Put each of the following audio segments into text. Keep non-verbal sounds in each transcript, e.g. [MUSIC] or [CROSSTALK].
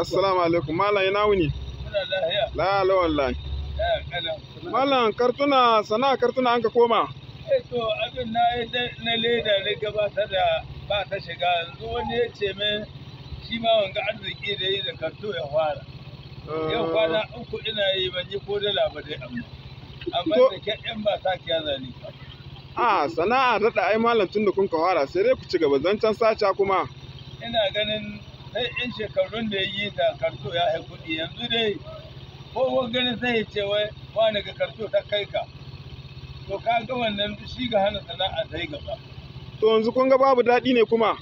assalamu alaikum malam ina wuni la la wallahi malam kartuna sana'a kartuna an ka koma eh to abin na na leda ne gabatar da ba ta shiga yanzu wani ya ce min shi ma wanga arziki da yi da karto ya fara yau kwana uku ina yi ban yi ko dala ba dai amma amma da kyan ba ta kiya zani a sana'a daɗa ai malam tun da kun ka fara sai dai ku ci gaba zancen saca kuma ina ganin sai in shekarun da ya yi ta karto ya haifi kuɗi yanzu dai ko ganin sai ya ce wai wani ga karto ta kai ka to ka ga wannan shi ga hana sana'a yi gaba to yanzu kun ga babu daɗi ne kuma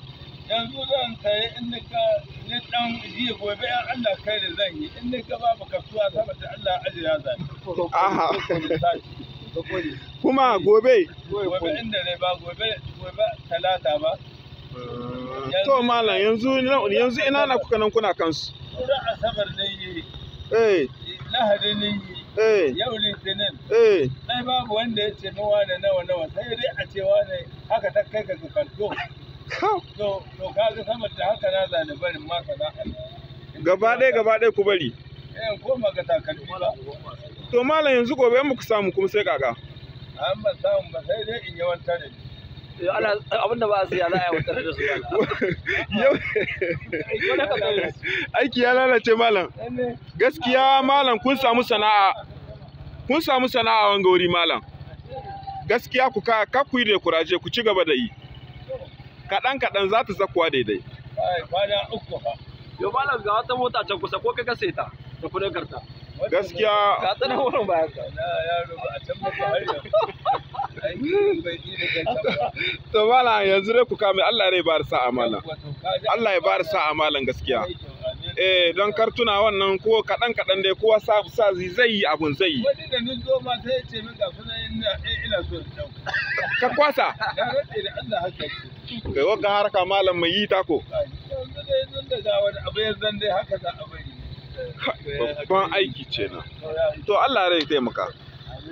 yanzu zan sayi in ka ni dan jiya gobe an Allah kai da zan yi in ka babu kasuwa da Allah ajira zan aha [LAUGHS] kuma gobe gobe inda ne ba gobe gobe talata ba to malam yanzu yanzu ina na kuka nan kuna kansu da asabar ne eh lahadi ne eh yau litinin eh sai babu wanda ya ce nawa da nawa nawa sai dai a cewa ne haka ta kai ka kanto to to ga saboda ta haka na zane barin ma ka za gaba ɗaya gaba ɗaya ku bari eh koma ga takalmi ba to malam yanzu gobe mu ku samu kuma sai kaka an ba samu ba sai dai in yi wanta ne. abinda ba a siya za a yi wutar da su aiki ya lalace malam gaskiya malam kun samu sana'a kun samu sana'a wanga wuri malam gaskiya ku ka ku yi da kuraje ku ci gaba da yi kaɗan kaɗan za ta zakuwa daidai Yau malam ga wata mota can kusa ko ka kase ta da kudin karta gaskiya ka tsana wurin bayan ka [LAUGHS] to mala yanzu dai ku kame Allah ya bar sa malam Allah ya bar sa malam gaskiya eh don kar tuna wannan ko kadan-kadan dai kowa sa sa zai yi abun zai yi wani da zo ma sai ya ce min ga kuma ina eh, ina so ka kwasa da rade da Allah haka ce harka malam mai yi ta ko yanzu dai nan da ga wani abu yanzu dai haka za a bari babban aiki ce na to Allah rai taimaka